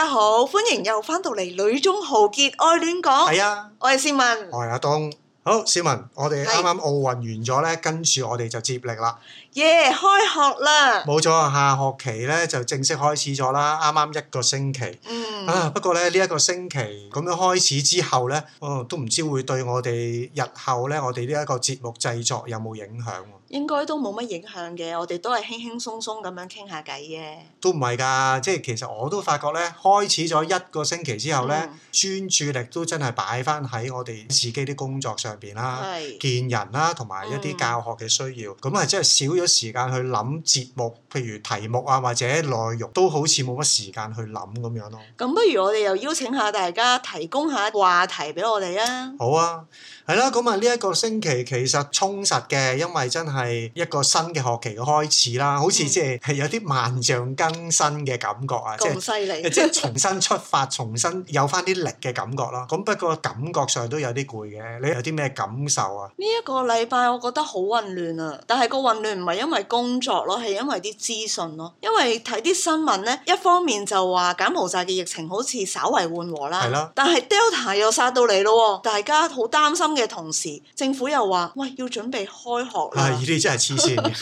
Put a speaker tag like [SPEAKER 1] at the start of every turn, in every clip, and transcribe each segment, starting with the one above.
[SPEAKER 1] 大家好，歡迎又翻到嚟《女中豪傑愛亂講》。係啊，我係思文，
[SPEAKER 2] 我係阿東。好，思文，我哋啱啱奧運完咗咧，跟住我哋就接力啦。
[SPEAKER 1] 耶，開學啦！
[SPEAKER 2] 冇錯啊下學期咧，就正式開始咗啦。啱啱一個星期，嗯啊，不過咧呢一個星期咁樣開始之後咧，哦，都唔知會對我哋日後咧，我哋呢一個節目製作有冇影響。
[SPEAKER 1] 應該都冇乜影響嘅，我哋都係輕輕鬆鬆咁樣傾下偈
[SPEAKER 2] 嘅。都唔係㗎，即係其實我都發覺咧，開始咗一個星期之後咧，專、嗯、注力都真係擺翻喺我哋自己啲工作上邊啦、啊，是見人啦、啊，同埋一啲教學嘅需要，咁啊真係少咗時間去諗節目，譬如題目啊或者內容，都好似冇乜時間去諗咁樣咯。
[SPEAKER 1] 咁不如我哋又邀請下大家提供下話題俾我哋啊！
[SPEAKER 2] 好啊。係啦，咁啊，呢一個星期其實充實嘅，因為真係一個新嘅學期嘅開始啦，好似即係有啲萬象更新嘅感覺啊，即係好犀利，即係重新出發、重新有翻啲力嘅感覺咯。咁不過感覺上都有啲攰嘅，你有啲咩感受啊？
[SPEAKER 1] 呢一個禮拜我覺得好混亂啊，但係個混亂唔係因為工作咯，係因為啲資訊咯。因為睇啲新聞咧，一方面就話柬埔寨嘅疫情好似稍微緩和啦，但係 Delta 又殺到你咯，大家好擔心。嘅同時，政府又話：喂，要準備開學啦！啊！呢
[SPEAKER 2] 啲真係黐線，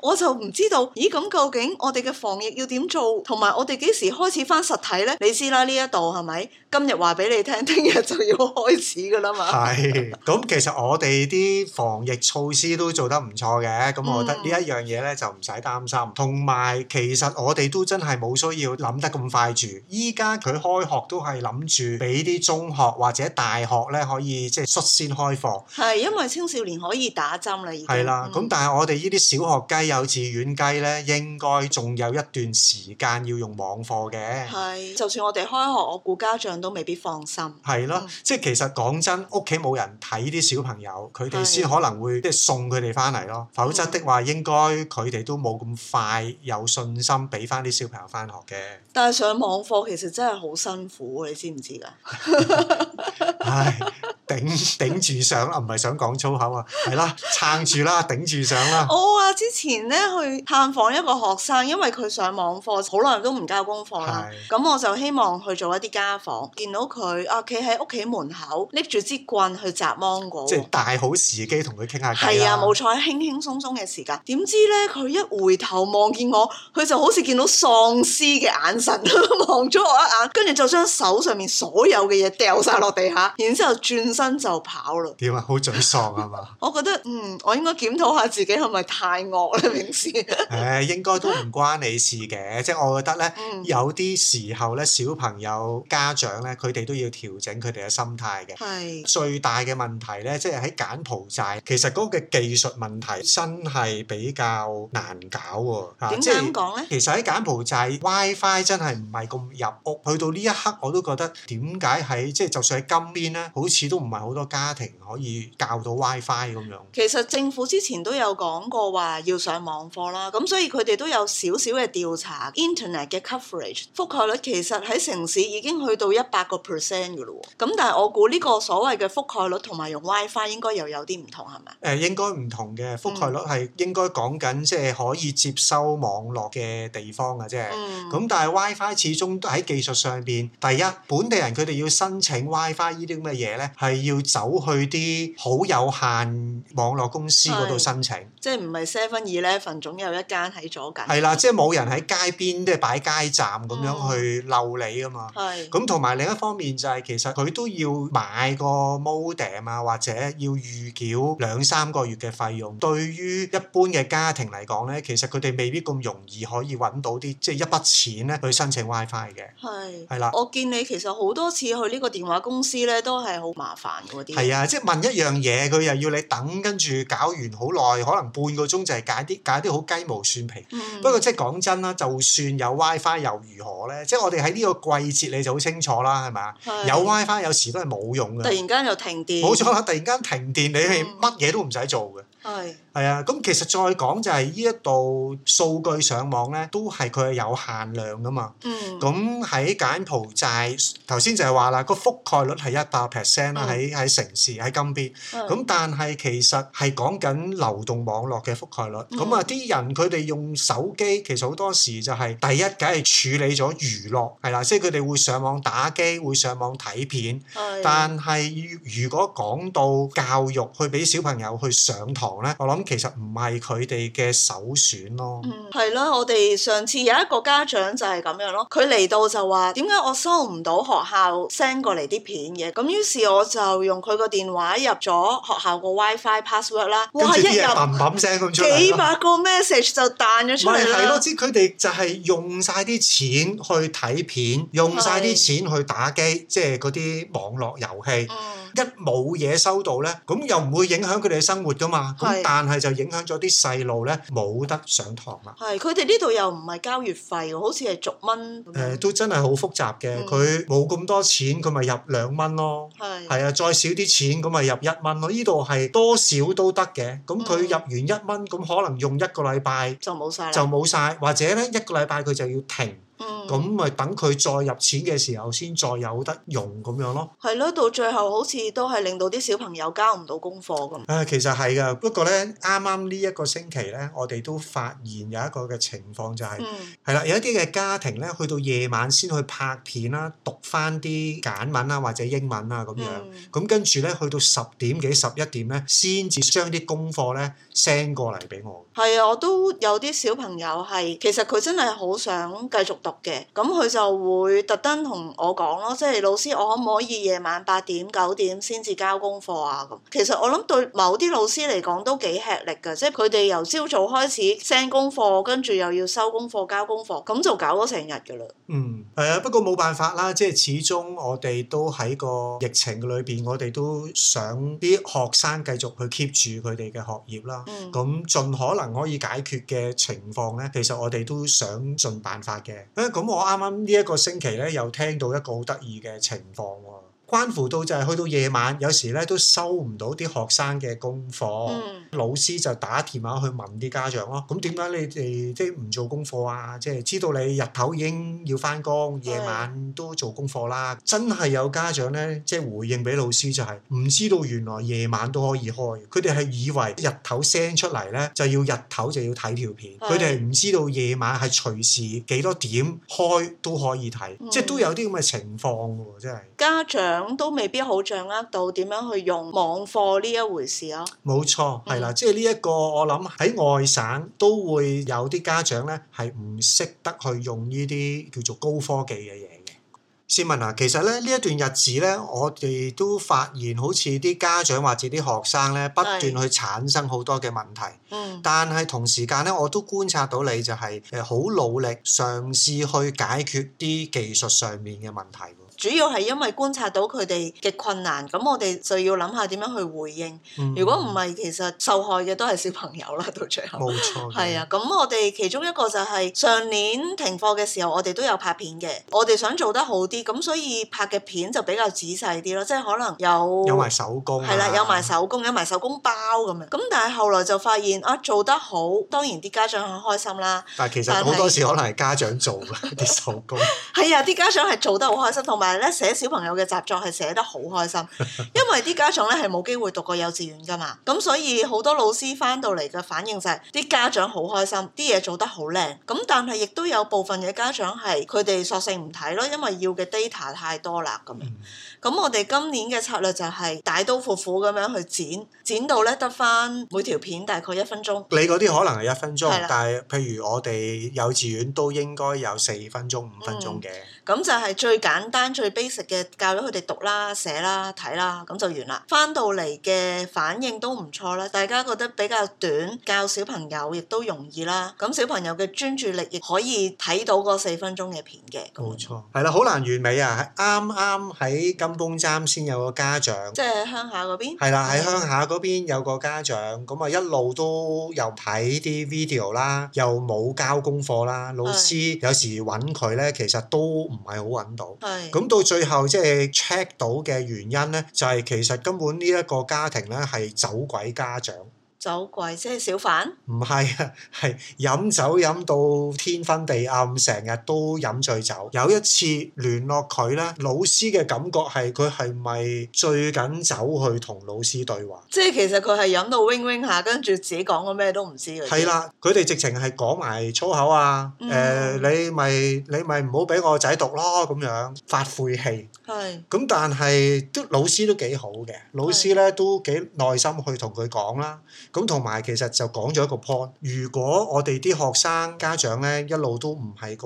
[SPEAKER 1] 我就唔知道。咦？咁究竟我哋嘅防疫要點做？同埋我哋幾時開始返實體呢？你知啦，呢一度係咪？今日話俾你聽，聽日就要開始㗎喇嘛。係。
[SPEAKER 2] 咁其實我哋啲防疫措施都做得唔錯嘅。咁我覺得呢一樣嘢呢就唔使擔心。同埋其實我哋都真係冇需要諗得咁快住。依家佢開學都係諗住俾啲中學或者大學呢可以即係率先開。開課
[SPEAKER 1] 係，因為青少年可以打針啦，已經係啦。
[SPEAKER 2] 咁的、嗯、但係我哋呢啲小學雞、幼稚園雞咧，應該仲有一段時間要用網課嘅。係，
[SPEAKER 1] 就算我哋開學，我估家長都未必放心。係
[SPEAKER 2] 咯的，嗯、即係其實講真，屋企冇人睇啲小朋友，佢哋先可能會即係送佢哋翻嚟咯。否則的話，嗯、應該佢哋都冇咁快有信心俾翻啲小朋友翻學嘅。
[SPEAKER 1] 但係上網課其實真係好辛苦，你知唔知噶？
[SPEAKER 2] 唉， 頂頂住。上啊，唔係想講粗口啊，係啦，撐住啦，頂住上啦。
[SPEAKER 1] 我、 哦、啊，之前咧去探訪一個學生，因為佢上網課好耐都唔交功課啦，咁是我就希望去做一啲家訪，見到佢啊，企喺屋企門口拎住支棍去摘芒果，即係大
[SPEAKER 2] 好時機同佢傾下偈。係啊，冇
[SPEAKER 1] 錯，輕輕鬆鬆嘅時間。點知咧，佢一回頭望見我，佢就好似見到喪屍嘅眼神，望 咗我一眼，跟住就將手上面所有嘅嘢掉晒落地下，然之後轉身就跑。
[SPEAKER 2] 點啊，好沮喪啊嘛！
[SPEAKER 1] 我覺得嗯，我應該檢討下自己係咪太惡啦，平時。
[SPEAKER 2] 誒， 應該都唔關你事嘅，即係我覺得咧，嗯、有啲時候咧，小朋友家長咧，佢哋都要調整佢哋嘅心態嘅。係是最大嘅問題咧，即係喺柬埔寨，其實嗰個技術問題真係比較難搞喎。點解咁講咧？其實喺柬埔寨，WiFi 真係唔係咁入屋。去到呢一刻，我都覺得點解喺即係，就，是，就算喺金邊咧，好似都唔係好多家庭。可以教到 WiFi 咁樣。
[SPEAKER 1] 其實政府之前都有講過話要上網課啦，咁所以佢哋都有少少嘅調查，Internet 嘅 coverage 覆蓋率其實喺城市已經去到一百個 percent 嘅咯。咁但係我估呢個所謂嘅覆蓋率同埋用 WiFi 應該又有啲唔同係咪？
[SPEAKER 2] 誒、呃、應該唔同嘅覆蓋率係應該講緊即係可以接收網絡嘅地方嘅啫。咁、嗯、但係 WiFi 始終都喺技術上邊，第一本地人佢哋要申請 WiFi 呢啲咁嘅嘢咧，係要走去。去啲好有限網絡公司嗰度申請，
[SPEAKER 1] 即係唔係 Seven Eleven 總有一間喺左近。係
[SPEAKER 2] 啦，即係冇人喺街邊即係擺街站咁樣去鬧你啊嘛。係咁，同埋另一方面就係、是、其實佢都要買個 modem 啊，或者要預繳兩三個月嘅費用。對於一般嘅家庭嚟講咧，其實佢哋未必咁容易可以揾到啲即係一筆、就是、錢咧去申請 WiFi 嘅。
[SPEAKER 1] 係係啦，是的我見你其實好多次去呢個電話公司咧，都係好麻煩嗰啲。係啊。
[SPEAKER 2] 即係問一樣嘢，佢又要你等，跟住搞完好耐，可能半個鐘就係解啲解啲好雞毛蒜皮。嗯、不過即係講真啦，就算有 WiFi 又如何咧？即係我哋喺呢個季節，你就好清楚啦，係咪啊？是有 WiFi 有時都係冇用嘅。突然
[SPEAKER 1] 間就停電。冇錯啦，突
[SPEAKER 2] 然間停電，你係乜嘢都唔使做嘅。係、嗯。係啊，咁其實再講就係呢一度數據上網咧，都係佢係有限量噶嘛。嗯。咁喺柬埔寨頭先就係話啦，個覆蓋率係一百 percent 啦，喺、啊、喺、嗯、城市喺金邊。咁、嗯、但係其實係講緊流動網絡嘅覆蓋率。咁啊、嗯，啲、嗯、人佢哋用手機，其實好多時就係、是、第一，梗係處理咗娛樂係啦，即係佢哋會上網打機，會上網睇片。嗯、但係如果講到教育，去俾小朋友去上堂咧，我諗。其實唔係佢哋嘅首選咯。嗯，
[SPEAKER 1] 係咯，我哋上次有一個家長就係咁樣咯，佢嚟到就話點解我收唔到學校 send 過嚟啲片嘅？咁於是我就用佢個電話入咗學校哇個 WiFi password 啦。哇！一入，啪
[SPEAKER 2] 啪聲咁出嚟，幾百
[SPEAKER 1] 個 message 就彈咗出嚟啦。係咯，知
[SPEAKER 2] 佢哋就係用晒啲錢去睇片，用晒啲錢去打機，即係嗰啲網絡遊戲。的一冇嘢收到呢，咁又唔會影響佢哋嘅生活噶嘛。咁是但係就影響咗啲細路呢，冇得上堂啦。
[SPEAKER 1] 係，佢哋呢度又唔係交月費，好似係逐蚊。誒、
[SPEAKER 2] 呃，都真係好複雜嘅。佢冇咁多錢，佢咪入兩蚊咯。係是。係啊，再少啲錢咁咪入一蚊咯。呢度係多少都得嘅。咁佢入完一蚊，咁可能用一個禮拜
[SPEAKER 1] 就冇晒，就冇
[SPEAKER 2] 晒。或者呢一個禮拜佢就要停。咁咪、嗯、等佢再入錢嘅時候，先再有得用咁樣咯。
[SPEAKER 1] 係咯、嗯，到最後好似都係令到啲小朋友交唔到功課咁。
[SPEAKER 2] 誒，其實係噶，不過咧，啱啱呢一個星期咧，我哋都發現有一個嘅情況就係、是，係啦、嗯，有一啲嘅家庭咧，去到夜晚先去拍片啦，讀返啲簡文啊或者英文啊咁樣，咁、嗯、跟住咧去到十點幾、十一點咧，先至將啲功課咧 send 過嚟俾我。
[SPEAKER 1] 係啊、嗯，我都有啲小朋友係，其實佢真係好想繼續讀。嘅，咁佢就會特登同我講咯，即係老師，我可唔可以夜晚八點九點先至交功課啊？咁其實我諗對某啲老師嚟講都幾吃力㗎，即係佢哋由朝早開始 send 功課，跟住又要收功課、交功課，咁就搞咗成日㗎啦。嗯，
[SPEAKER 2] 誒、呃、不過冇辦法啦，即係始終我哋都喺個疫情嘅裏邊，我哋都想啲學生繼續去 keep 住佢哋嘅學業啦。咁、嗯、盡可能可以解決嘅情況咧，其實我哋都想盡辦法嘅。咁我啱啱呢一個星期咧，又聽到一個好得意嘅情況喎。關乎到就係去到夜晚，有時咧都收唔到啲學生嘅功課，嗯、老師就打電話去問啲家長咯。咁點解你哋即係唔做功課啊？即係知道你日頭已經要返工，夜晚都做功課啦。是真係有家長咧，即係回應俾老師就係、是、唔知道原來夜晚都可以開。佢哋係以為日頭 send 出嚟咧就要日頭就要睇條片，佢哋係唔知道夜晚係隨時幾多點開都可以睇，是即係都有啲咁嘅情況喎，真
[SPEAKER 1] 係家長。咁都未必好掌握到點樣去用網課呢一回事啊。
[SPEAKER 2] 冇錯，係啦，即係呢一個我諗喺外省都會有啲家長咧係唔識得去用呢啲叫做高科技嘅嘢嘅。試問啊，其實咧呢一段日子咧，我哋都發現好似啲家長或者啲學生咧不斷去產生好多嘅問題。嗯，但係同時間咧，我都觀察到你就係誒好努力嘗試去解決啲技術上面嘅問題。
[SPEAKER 1] 主要係因為觀察到佢哋嘅困難，咁我哋就要諗下點樣去回應。如果唔係，其實受害嘅都係小朋友啦，到最後。冇錯。係啊，咁我哋其中一個就係、係、上年停課嘅時候，我哋都有拍片嘅。我哋想做得好啲，咁所以拍嘅片就比較仔細啲咯。即係可能有有埋手工、啊，係啦、啊，有埋手工，啊、有埋手工包咁樣。咁但係後來就發現啊，做得好，當然啲家長好開心啦。但係其實好多時可能
[SPEAKER 2] 係家長做嘅啲 手工。
[SPEAKER 1] 係啊，啲家長係做得好開心，同埋。但係咧，寫小朋友嘅習作係寫得好開心，因為啲家長咧係冇機會讀過幼稚園噶嘛，咁所以好多老師翻到嚟嘅反應就係、是，啲家長好開心，啲嘢做得好靚，咁但係亦都有部分嘅家長係佢哋索性唔睇咯，因為要嘅 data 太多啦，咁樣、嗯。咁我哋今年嘅策略就係大刀闊斧咁樣去剪，剪到咧得翻每條片大概一分鐘。你嗰啲可能
[SPEAKER 2] 係一分鐘，嗯、但係譬如我哋幼稚園都應該有四分鐘、五分鐘嘅。
[SPEAKER 1] 咁、嗯、就係最簡單。最 basic 嘅教咗佢哋讀啦、寫啦、睇啦，咁就完啦。翻到嚟嘅反應都唔錯啦，大家覺得比較短，教小朋友亦都容易啦。咁小朋友嘅專注力亦可以睇到嗰四分鐘嘅片嘅。
[SPEAKER 2] 冇錯，係啦，好難完美啊！啱啱喺金豐針先有個家長，即係
[SPEAKER 1] 鄉下嗰邊。係啦，喺鄉
[SPEAKER 2] 下嗰邊有個家長，咁啊的一路都又睇啲 video 啦，又冇交功課啦。老師有時揾佢呢，其實都唔係好揾到。的咁到最後，即係 check 到嘅原因咧，就係、是、其實根本呢一個家庭咧，係走鬼家長。
[SPEAKER 1] 酒鬼即係小販？
[SPEAKER 2] 唔係啊，係飲酒飲到天昏地暗，成日都飲醉酒。有一次聯絡佢咧，老師嘅感覺係佢係咪醉緊酒去同老師對話？
[SPEAKER 1] 即係其實佢係飲到 wing wing 下，跟住自己講個咩都唔知。係啦，
[SPEAKER 2] 佢哋直情係講埋粗口啊！誒，你咪你咪唔好俾我仔讀咯咁樣發晦氣。係咁，但係都老師都幾好嘅，老師咧都幾耐心去同佢講啦。咁同埋其實就講咗一個 point，如果我哋啲學生家長咧一路都唔係咁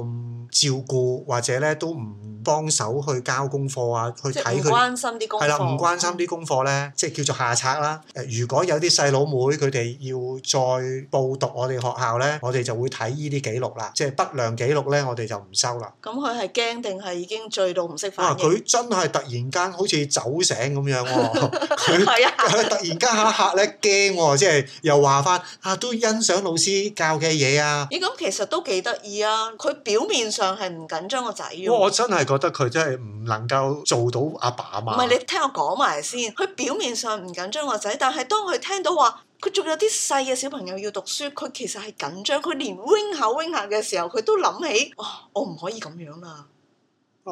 [SPEAKER 2] 照顧，或者咧都唔幫手去交功課啊，去睇佢唔關
[SPEAKER 1] 心啲功課，係啦，唔
[SPEAKER 2] 關心啲功課咧，即係叫做下策啦。誒，如果有啲細佬妹佢哋要再報讀我哋學校咧，我哋就會睇呢啲記錄啦，即係不良記錄咧，我哋就唔收啦。
[SPEAKER 1] 咁佢係驚定係已經醉到唔識
[SPEAKER 2] 反應？啊，佢真係突然間好似酒醒咁樣喎，佢突然間嚇嚇咧驚即係。又話翻啊，都欣賞老師教嘅嘢啊！咦，
[SPEAKER 1] 咁其實都幾得意啊！佢表面上係唔緊張個仔。哇！我
[SPEAKER 2] 真係覺得佢真係唔能夠做到阿爸阿媽。唔係，你
[SPEAKER 1] 聽我講埋先。佢表面上唔緊張個仔，但係當佢聽到話佢仲有啲細嘅小朋友要讀書，佢其實係緊張。佢連 wing 下 wing 下嘅時候，佢都諗起：哇，我唔可以咁樣啦。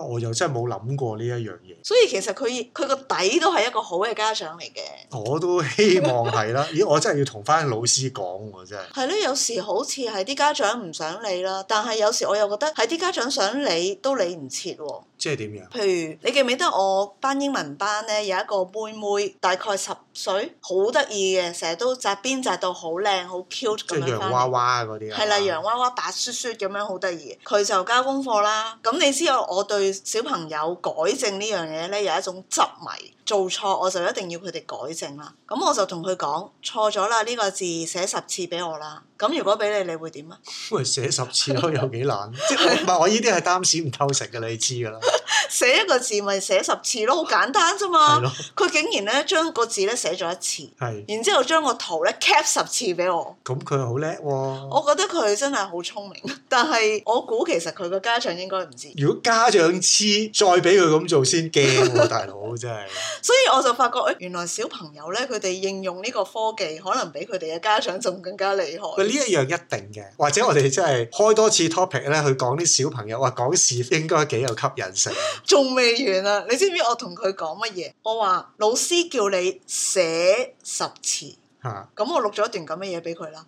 [SPEAKER 2] 我又真係冇諗過呢一樣嘢。
[SPEAKER 1] 所以其實佢佢個底都係一個好嘅家長嚟嘅。
[SPEAKER 2] 我都希望係啦。咦！ 我真係要同翻老師講喎、啊，真
[SPEAKER 1] 係。係咯，有時好似係啲家長唔想理啦，但係有時我又覺得係啲家長想理都理唔切喎。即係點樣？譬如你記唔記得我班英文班呢？有一個妹妹，大概十歲，好得意嘅，成日都紮辮紮到好靚，好 cute 咁樣。即係洋娃娃
[SPEAKER 2] 嗰啲啊。係啦的，洋
[SPEAKER 1] 娃娃白娃雪雪 u 咁樣好得意。佢就交功課啦。咁、嗯、你知道我對，小朋友改正呢樣嘢咧，有一種執迷。做錯我就一定要佢哋改正啦。咁我就同佢講錯咗啦，呢個字寫十次俾我啦。咁如果俾你，你會點啊？
[SPEAKER 2] 喂， 寫十次都有幾難？即係唔係我呢啲係擔屎唔偷食嘅，你知噶啦。
[SPEAKER 1] 寫一個字咪寫十次咯，好簡單啫嘛。佢 是的 竟然咧，將個字咧寫咗一次，係的。然之後將個圖咧 cap 十次俾我。
[SPEAKER 2] 咁佢好叻喎。
[SPEAKER 1] 我覺得佢真係好聰明，但係我估其實佢個家長應該唔知。
[SPEAKER 2] 如果家長知，再俾佢咁做先驚喎，大佬 真係是。
[SPEAKER 1] 所以我就發覺，誒、哎、原來小朋友咧，佢哋應用呢個科技，可能比佢哋嘅家長仲更加厲害。呢
[SPEAKER 2] 一樣一定嘅，或者我哋真係開多次 topic 咧，去講啲小朋友，哇，講事應該幾有吸引性。
[SPEAKER 1] 仲未完啊！你知唔知我同佢講乜嘢？我話老師叫你寫十次，咁、啊、我錄咗一段咁嘅嘢俾佢啦。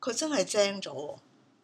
[SPEAKER 1] 佢真係精咗喎，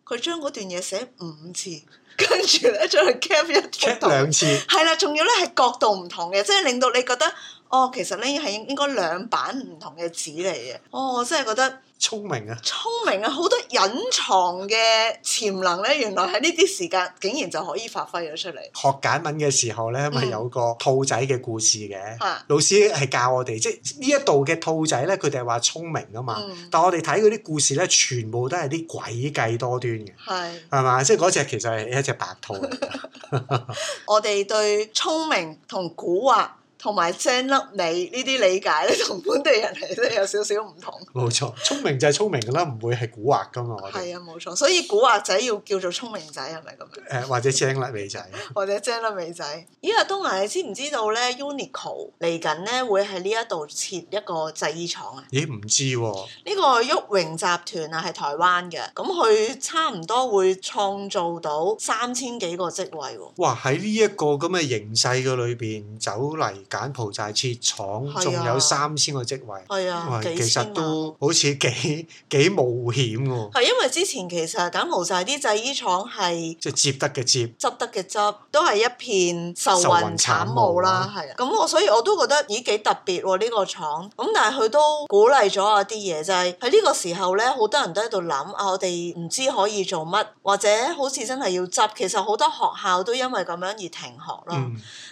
[SPEAKER 1] 佢將嗰段嘢寫五次。跟住咧，再嚟 cap 一兩次，係啦，仲要咧係角度唔同嘅，即係令到你覺得。哦，其實呢係應該兩版唔同嘅紙嚟嘅。哦，我真係覺得聰明啊，聰明啊，好多隱藏嘅潛能咧，原來喺呢啲時間竟然就可以發揮咗出嚟。
[SPEAKER 2] 學簡文嘅時候咧，咪有個兔仔嘅故事嘅。嗯、老師係教我哋，即係呢一度嘅兔仔咧，佢哋話聰明啊嘛。嗯、但我哋睇嗰啲故事咧，全部都係啲詭計多端嘅。係係嘛，即係嗰隻其實係一隻白兔嚟嘅。
[SPEAKER 1] 我哋對聰明同古惑，同埋精粒美呢啲理解咧，同本地人嚟咧有少少唔
[SPEAKER 2] 同。冇 錯，聰明就係聰明㗎啦，唔會係古惑㗎嘛。係 啊，
[SPEAKER 1] 冇錯。所以古惑仔要叫做聰明仔，係咪咁
[SPEAKER 2] 樣？誒， 或者精粒美仔，
[SPEAKER 1] 或者精粒美仔。咦，阿東呀，你知唔知道咧？Uniqlo 嚟緊咧會喺呢一度設一個製衣廠
[SPEAKER 2] 啊？咦，唔知喎、啊。
[SPEAKER 1] 呢個旭榮集團啊，係台灣嘅，咁佢差唔多會創造到三千幾個職位喎、
[SPEAKER 2] 啊。哇！喺呢一個咁嘅形勢嘅裏邊走嚟。柬埔寨設廠，仲、啊、有三千個職位，
[SPEAKER 1] 其實都
[SPEAKER 2] 好似幾幾冒險
[SPEAKER 1] 喎、啊。因為之前其實柬埔寨啲製衣廠係
[SPEAKER 2] 即係接得嘅接，
[SPEAKER 1] 執得嘅執，都係一片愁雲慘霧啦。係啊，咁我所以我都覺得咦幾特別喎、啊、呢、這個廠。咁但係佢都鼓勵咗我啲嘢，就係喺呢個時候咧，好多人都喺度諗啊，我哋唔知可以做乜，或者好似真係要執。其實好多學校都因為咁樣而停學啦。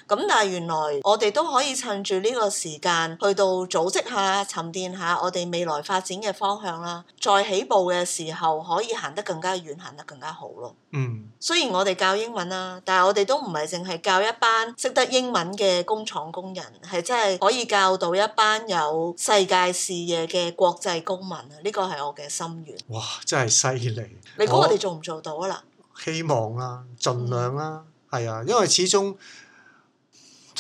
[SPEAKER 1] 咁、嗯、但係原來我哋都都可以趁住呢個時間去到組織下、沉澱下我哋未來發展嘅方向啦。再起步嘅時候，可以行得更加遠，行得更加好咯。嗯，雖然我哋教英文啦，但係我哋都唔係淨係教一班識得英文嘅工廠工人，係真係可以教到一班有世界視野嘅國際公民啊！呢個係我嘅心願。
[SPEAKER 2] 哇，真係犀利！你估我哋做唔做到啊？啦，希望啦、啊，盡量啦、啊，係、嗯、啊，因為始終。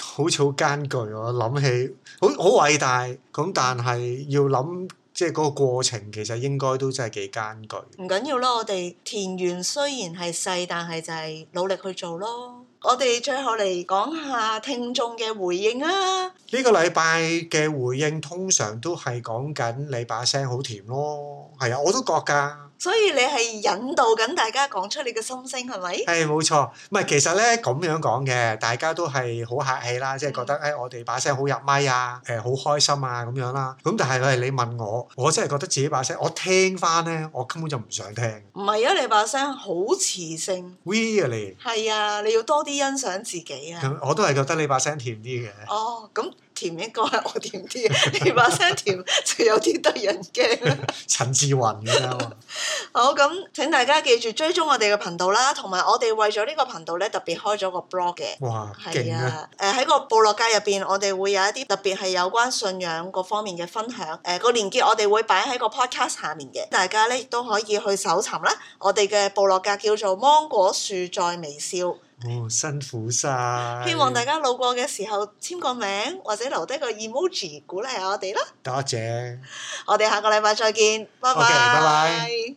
[SPEAKER 2] 好似好艱巨啊，我諗起好好偉大，咁但係要諗即係嗰個過程，其實應該都真係幾艱巨。唔
[SPEAKER 1] 緊要啦，我哋田園雖然係細，但係就係努力去做咯。我哋最後嚟講下聽眾嘅回應啊！
[SPEAKER 2] 呢個禮拜嘅回應通常都係講緊你把聲好甜咯，係啊，我都覺㗎。
[SPEAKER 1] 所以你係引導緊大家講出你嘅心聲係咪？係
[SPEAKER 2] 冇錯，唔係其實咧咁樣講嘅，大家都係好客氣啦，嗯、即係覺得誒、哎、我哋把聲好入咪啊，誒、呃、好開心啊咁樣啦。咁但係你問我，我真係覺得自己把聲，我聽翻咧，我根本就唔想聽。
[SPEAKER 1] 唔係啊，你把
[SPEAKER 2] 聲好磁性。Really？
[SPEAKER 1] 係啊，你要多啲欣賞自己啊。咁
[SPEAKER 2] 我都係覺得你把聲甜啲嘅。哦、
[SPEAKER 1] oh，咁。甜應該係我甜啲， 你把聲甜 就有啲得人驚。
[SPEAKER 2] 陳志雲
[SPEAKER 1] 好，咁請大家記住追蹤我哋嘅頻道啦，同埋我哋為咗呢個頻道咧特別開咗個 blog 嘅。
[SPEAKER 2] 哇，勁
[SPEAKER 1] 啊！誒喺、啊呃、個部落格入邊，我哋會有一啲特別係有關信仰各方面嘅分享。誒、呃，那個連結我哋會擺喺個 podcast 下面嘅，大家咧亦都可以去搜尋啦。我哋嘅部落格叫做《芒果樹在微笑》。
[SPEAKER 2] 哦，辛苦晒，希望大家
[SPEAKER 1] 路過嘅時候簽個名，或者留低個 emoji 鼓勵下我哋啦。多謝，我哋下個禮拜再見，拜拜。拜拜，okay。